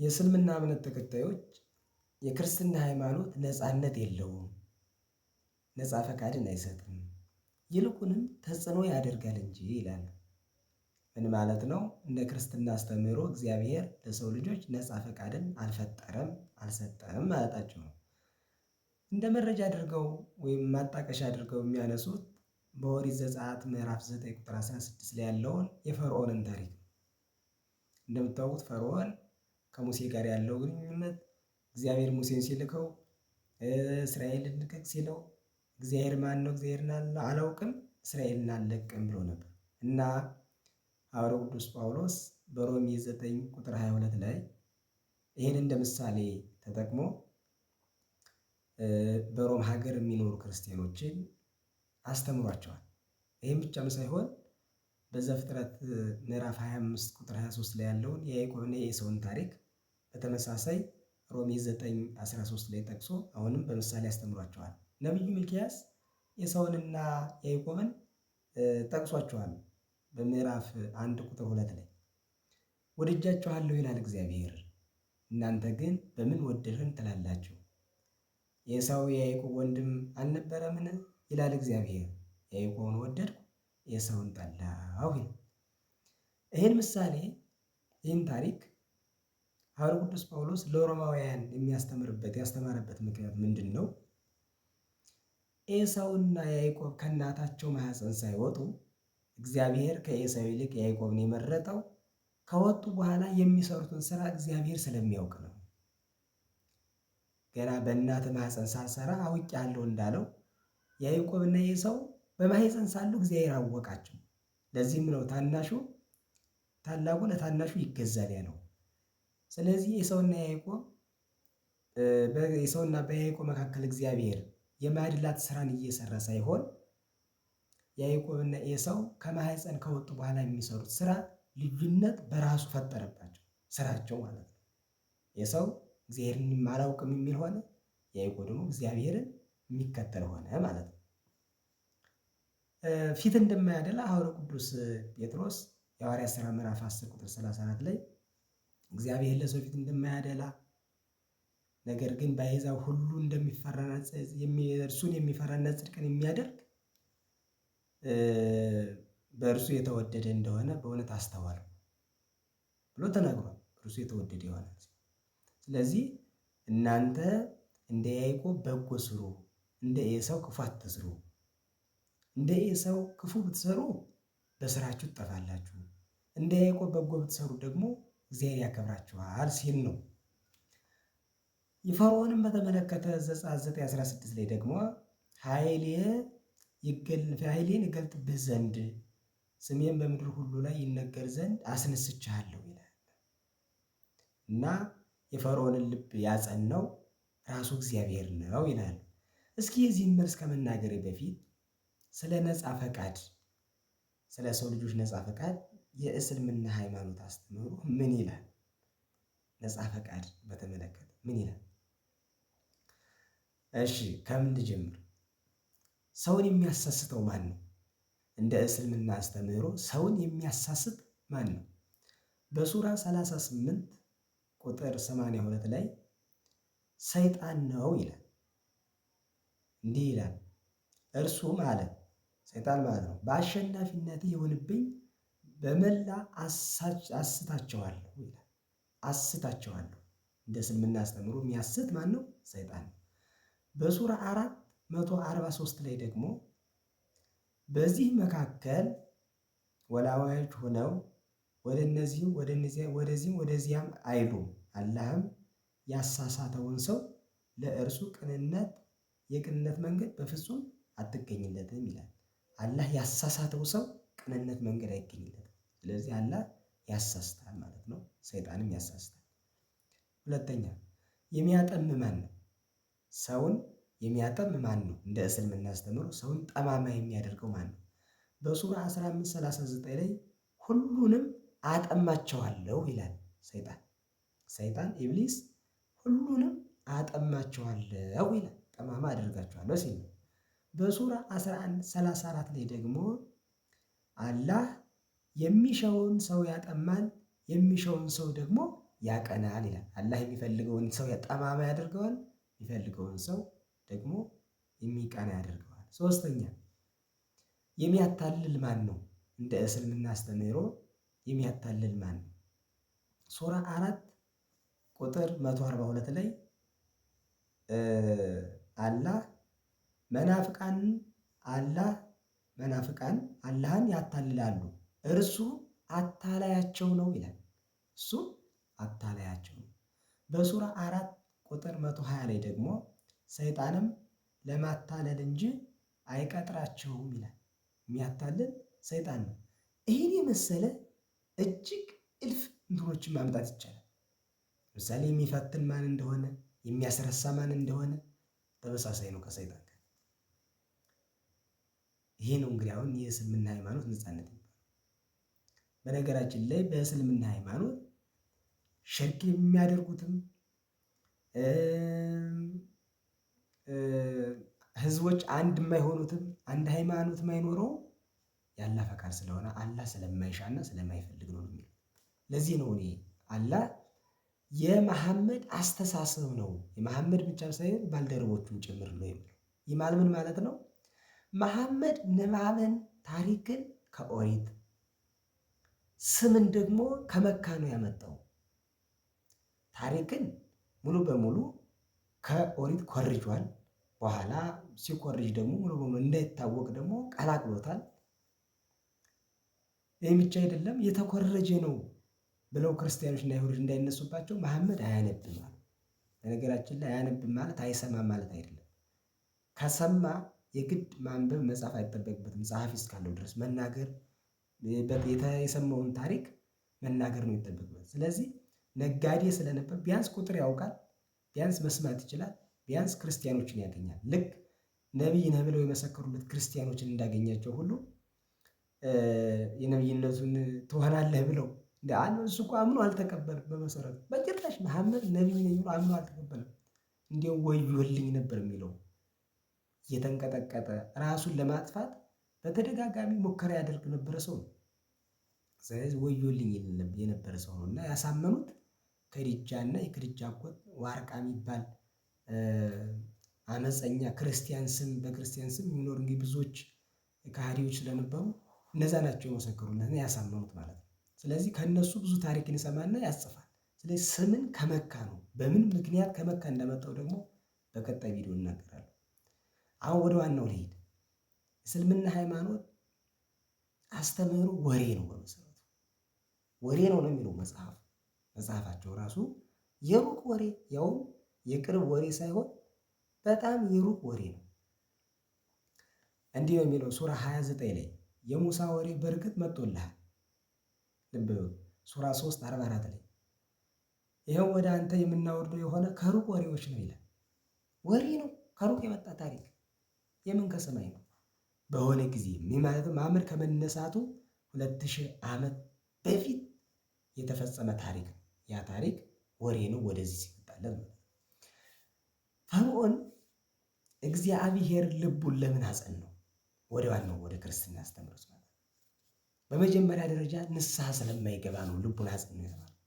የእስልምና እምነት ተከታዮች የክርስትና ሃይማኖት ነፃነት የለውም፣ ነፃ ፈቃድን አይሰጥም፣ ይልቁንም ተጽዕኖ ያደርጋል እንጂ ይላል። ምን ማለት ነው? እንደ ክርስትና አስተምህሮ እግዚአብሔር ለሰው ልጆች ነፃ ፈቃድን አልፈጠረም፣ አልሰጠም ማለታቸው ነው። እንደ መረጃ አድርገው ወይም ማጣቀሻ አድርገው የሚያነሱት በኦሪት ዘጸአት ምዕራፍ 9 ቁጥር 16 ላይ ያለውን የፈርዖንን ታሪክ ነው። እንደምታውቁት ፈርዖን ከሙሴ ጋር ያለው ግንኙነት እግዚአብሔር ሙሴን ሲልከው እስራኤል ልቀቅ ሲለው እግዚአብሔር ማን ነው? እግዚአብሔርን አላውቅም እስራኤልን አልለቅም ብሎ ነበር እና ሐዋርያው ቅዱስ ጳውሎስ በሮሜ 9 ቁጥር 22 ላይ ይህን እንደ ምሳሌ ተጠቅሞ በሮም ሀገር የሚኖሩ ክርስቲያኖችን አስተምሯቸዋል። ይህም ብቻም ሳይሆን በዘፍጥረት ምዕራፍ 25 ቁጥር 23 ላይ ያለውን የያዕቆብና የኤሳውን ታሪክ በተመሳሳይ ሮሜ 9:13 ላይ ጠቅሶ አሁንም በምሳሌ አስተምሯቸዋል። ነቢዩ ሚልኪያስ ኤሳውንና ያዕቆብን ጠቅሷቸዋል። በምዕራፍ አንድ ቁጥር ሁለት ላይ ወድጃችኋለሁ ይላል እግዚአብሔር፣ እናንተ ግን በምን ወደድህን ትላላችሁ። ኤሳው የያዕቆብ ወንድም አልነበረምን? ይላል እግዚአብሔር። ያዕቆብን ወደድኩ፣ ኤሳውን ጠላሁ ይህን ምሳሌ ይህን ታሪክ ሐዋርያው ቅዱስ ጳውሎስ ለሮማውያን የሚያስተምርበት ያስተማረበት ምክንያት ምንድን ነው? ኤሳውና ያዕቆብ ከእናታቸው ማኅፀን ሳይወጡ እግዚአብሔር ከኤሳው ይልቅ ያዕቆብን የመረጠው ከወጡ በኋላ የሚሰሩትን ስራ እግዚአብሔር ስለሚያውቅ ነው። ገና በእናት ሳሰራ ሳልሰራ ያለው እንዳለው ያዕቆብና ኤሳው በማህፀን ሳሉ እግዚአብሔር አወቃቸው። ለዚህም ነው ታናሹ ታላቁ ለታናሹ ይገዛል ያለው። ስለዚህ የሰውና የያይቆ የሰውና በያይቆ መካከል እግዚአብሔር የማድላት ስራን እየሰራ ሳይሆን ያዕቆብና ኤሳው ከማህፀን ከወጡ በኋላ የሚሰሩት ስራ ልዩነት በራሱ ፈጠረባቸው ስራቸው ማለት ነው። ኤሳው እግዚአብሔርን የማላውቅም የሚል ሆነ፣ ያዕቆብ ደግሞ እግዚአብሔርን የሚከተል ሆነ ማለት ነው። ፊት እንደማያደላ ሐዋርያው ቅዱስ ጴጥሮስ የሐዋርያት ስራ ምዕራፍ 10 ቁጥር 34 ላይ እግዚአብሔር ለሰው ፊት እንደማያደላ ነገር ግን በአሕዛብ ሁሉ እንደሚፈራና እርሱን የሚፈራና ጽድቅን የሚያደርግ በእርሱ የተወደደ እንደሆነ በእውነት አስተዋል ብሎ ተናግሯል። እርሱ የተወደደ ይሆናል። ስለዚህ እናንተ እንደ ያዕቆብ በጎ ስሩ፣ እንደ ኤሳው ክፉ አትስሩ። እንደ ኤሳው ክፉ ብትሰሩ በስራችሁ ትጠፋላችሁ። እንደ ያዕቆብ በጎ ብትሰሩ ደግሞ እግዚአብሔር ያከብራችኋል ሲል ነው። የፈርዖንም በተመለከተ ዘጸአት 9፥16 ላይ ደግሞ ኃይሌን ይገልጥብህ ዘንድ ስሜን በምድር ሁሉ ላይ ይነገር ዘንድ አስነስቻለሁ ይላል እና የፈርዖንን ልብ ያጸናው ራሱ እግዚአብሔር ነው ይላል። እስኪ የዚህን መልስ ከመናገሬ በፊት ስለ ነፃ ፈቃድ ስለ ሰው ልጆች ነፃ ፈቃድ የእስልምና ሃይማኖት አስተምህሮ ምን ይላል? ነፃ ፈቃድ በተመለከተ ምን ይላል? እሺ ከምን ልጀምር? ሰውን የሚያሳስተው ማን ነው? እንደ እስልምና አስተምህሮ ሰውን የሚያሳስት ማን ነው? በሱራ 38 ቁጥር 82 ላይ ሰይጣን ነው ይላል። እንዲህ ይላል፣ እርሱም አለ ሰይጣን ማለት ነው በአሸናፊነት የሆንብኝ? በመላ አስታቸዋለሁ ይላል። አስታቸዋለሁ እንደ ስም የምናስተምሩ የሚያስት ማን ነው? ሰይጣን። በሱራ አራት መቶ አርባ ሶስት ላይ ደግሞ በዚህ መካከል ወላዋዮች ሆነው ወደ እነዚህ ወደ ወደዚህም ወደዚያም አይሉም። አላህም ያሳሳተውን ሰው ለእርሱ ቅንነት የቅንነት መንገድ በፍጹም አትገኝለትም ይላል። አላህ ያሳሳተው ሰው ቅንነት መንገድ አይገኝለትም። ስለዚህ አላህ ያሳስታል ማለት ነው። ሰይጣንም ያሳስታል። ሁለተኛ የሚያጠም ማን ነው? ሰውን የሚያጠም ማን ነው? እንደ እስልምና አስተምሮ ሰውን ጠማማ የሚያደርገው ማን ነው? በሱራ 1539 ላይ ሁሉንም አጠማቸዋለሁ ይላል ሰይጣን። ሰይጣን ኢብሊስ ሁሉንም አጠማቸዋለሁ ይላል፣ ጠማማ አደርጋቸዋለሁ ሲል በሱራ 1134 ላይ ደግሞ አላህ የሚሻውን ሰው ያጠማል፣ የሚሻውን ሰው ደግሞ ያቀናል ይላል። አላህ የሚፈልገውን ሰው ጠማማ ያደርገዋል፣ የሚፈልገውን ሰው ደግሞ የሚቀና ያደርገዋል። ሶስተኛ የሚያታልል ማን ነው? እንደ እስልምና አስተምህሮ የሚያታልል ማን ነው? ሱራ አራት ቁጥር 142 ላይ አላህ መናፍቃን አላህ መናፍቃን አላህን ያታልላሉ እርሱ አታላያቸው ነው ይላል። እሱ አታላያቸው ነው። በሱራ አራት ቁጥር መቶ ሀያ ላይ ደግሞ ሰይጣንም ለማታለል እንጂ አይቀጥራቸውም ይላል። የሚያታልል ሰይጣን ነው። ይህን የመሰለ እጅግ እልፍ እንትኖችን ማምጣት ይቻላል። ለምሳሌ የሚፈትን ማን እንደሆነ የሚያስረሳ ማን እንደሆነ ተመሳሳይ ነው ከሰይጣን ጋር። ይሄ ነው እንግዲህ አሁን የእስልምና ሃይማኖት ነፃነት በነገራችን ላይ በእስልምና ሃይማኖት ሽርክ የሚያደርጉትም ህዝቦች አንድ የማይሆኑትም አንድ ሃይማኖት የማይኖረው የአላህ ፈቃድ ስለሆነ አላህ ስለማይሻና ስለማይፈልግ ነው የሚለው። ለዚህ ነው እኔ አላህ የመሐመድ አስተሳሰብ ነው የመሐመድ ብቻ ሳይሆን ባልደረቦቹም ጭምር ነው የሚለው። ይህ ማለት ነው? መሐመድ ንባብን ታሪክን ከኦሪት ስምን ደግሞ ከመካ ነው ያመጣው። ታሪክን ሙሉ በሙሉ ከኦሪት ኮርጇል። በኋላ ሲኮርጅ ደግሞ ሙሉ በሙሉ እንዳይታወቅ ደግሞ ቀላቅሎታል። ይህ አይደለም፣ የተኮረጀ ነው ብለው ክርስቲያኖች እና አይሁዶች እንዳይነሱባቸው መሐመድ አያነብም አሉ። በነገራችን ላይ አያነብም ማለት አይሰማም ማለት አይደለም። ከሰማ የግድ ማንበብ መጻፍ አይጠበቅበትም፣ ጸሐፊ እስካለው ድረስ መናገር የሰማውን ታሪክ መናገር ነው ይጠበቅበት። ስለዚህ ነጋዴ ስለነበር ቢያንስ ቁጥር ያውቃል፣ ቢያንስ መስማት ይችላል፣ ቢያንስ ክርስቲያኖችን ያገኛል። ልክ ነቢይ ነህ ብለው የመሰከሩለት ክርስቲያኖችን እንዳገኛቸው ሁሉ የነቢይነቱን ትሆናለህ ብለው እሱ እኮ አምኖ አልተቀበልም። በመሰረቱ በጭራሽ መሐመድ ነቢይ ነኝ ብሎ አምኖ አልተቀበልም። እንዲያው ወዮልኝ ነበር የሚለው እየተንቀጠቀጠ ራሱን ለማጥፋት በተደጋጋሚ ሙከራ ያደርግ ነበረ ሰው ነው። ስለዚህ ወዮልኝ የነበረ ሰው ነው እና ያሳመኑት ከድጃ እና የከድጃ አጎት ዋርቃ የሚባል አመፀኛ ክርስቲያን ስም በክርስቲያን ስም የሚኖር እንግዲህ ብዙዎች ከሃዲዎች ስለነበሩ እነዛ ናቸው የመሰከሩለት ያሳመኑት ማለት ነው። ስለዚህ ከእነሱ ብዙ ታሪክ ይሰማና ያጽፋል። ስለዚህ ስምን ከመካ ነው በምን ምክንያት ከመካ እንደመጣው ደግሞ በቀጣይ ቪዲዮ እናገራለሁ። አሁን ወደ ዋናው ልሄድ። እስልምና ሃይማኖት አስተምህሮ ወሬ ነው በመሰረቱ ወሬ ነው ነው የሚለው መጽሐፍ መጽሐፋቸው ራሱ የሩቅ ወሬ ያውም የቅርብ ወሬ ሳይሆን በጣም የሩቅ ወሬ ነው። እንዲህ ነው የሚለው ሱራ 29 ላይ የሙሳ ወሬ በእርግጥ መጥቶልሃል። ልብ በሉ ሱራ 3 44 ላይ ይኸው ወደ አንተ የምናወርደው የሆነ ከሩቅ ወሬዎች ነው ይላል። ወሬ ነው ከሩቅ የመጣ ታሪክ የምን ከሰማይ ነው። በሆነ ጊዜ ማለትም ከመነሳቱ ሁለት ሺህ ዓመት በፊት የተፈጸመ ታሪክ ያ ታሪክ ወሬ ነው። ወደዚህ ሲመጣለን ፈርዖን እግዚአብሔር ልቡን ለምን አጸን ነው? ወደ ዋናው ወደ ክርስትና አስተምሮት ማለት በመጀመሪያ ደረጃ ንስሐ ስለማይገባ ነው ልቡን አጸን ነው የተባለው።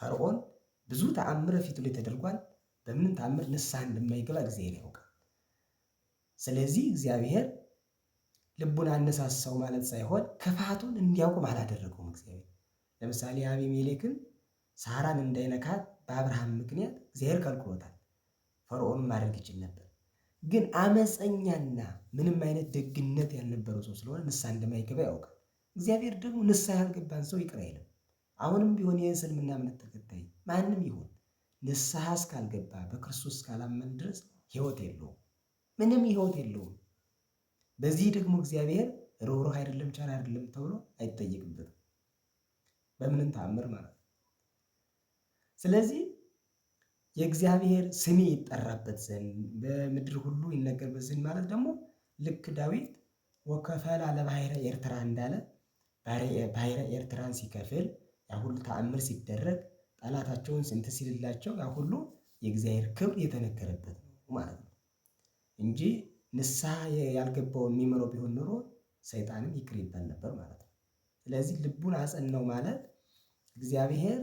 ፈርዖን ብዙ ተአምር ፊቱ ላይ ተደርጓል። በምንም ተአምር ንስሐ እንደማይገባ እግዚአብሔር ያውቃል። ስለዚህ እግዚአብሔር ልቡን አነሳሳው ማለት ሳይሆን ክፋቱን እንዲያውቁም አላደረገውም እግዚአብሔር ለምሳሌ አቢሜሌክን ሳራን እንዳይነካት በአብርሃም ምክንያት እግዚአብሔር ከልክሎታል። ፈርዖንም ማድረግ ይችል ነበር፣ ግን አመፀኛና ምንም አይነት ደግነት ያልነበረው ሰው ስለሆነ ንሳ እንደማይገባ ያውቃል። እግዚአብሔር ደግሞ ንሳ ያልገባን ሰው ይቅር አይልም። አሁንም ቢሆን የእስልምና እምነት ተከታይ ማንም ይሁን ንስሐ እስካልገባ በክርስቶስ እስካላመን ድረስ ህይወት የለውም፣ ምንም ህይወት የለውም። በዚህ ደግሞ እግዚአብሔር ርኅሩህ አይደለም፣ ቻል አይደለም ተብሎ አይጠየቅበትም። በምንም ተአምር ማለት ነው። ስለዚህ የእግዚአብሔር ስሜ ይጠራበት ዘንድ በምድር ሁሉ ይነገርበት ዘንድ ማለት ደግሞ ልክ ዳዊት ወከፈላ ለባሕረ ኤርትራ እንዳለ ባሕረ ኤርትራን ሲከፍል ያ ሁሉ ተአምር ሲደረግ ጠላታቸውን ስንት ሲልላቸው ያ ሁሉ የእግዚአብሔር ክብር የተነገረበት ነው ማለት ነው እንጂ ንስሐ ያልገባውን የሚመረው ቢሆን ኖሮ ሰይጣንም ይቅር ይባል ነበር ማለት ነው። ስለዚህ ልቡን አጸናው ማለት እግዚአብሔር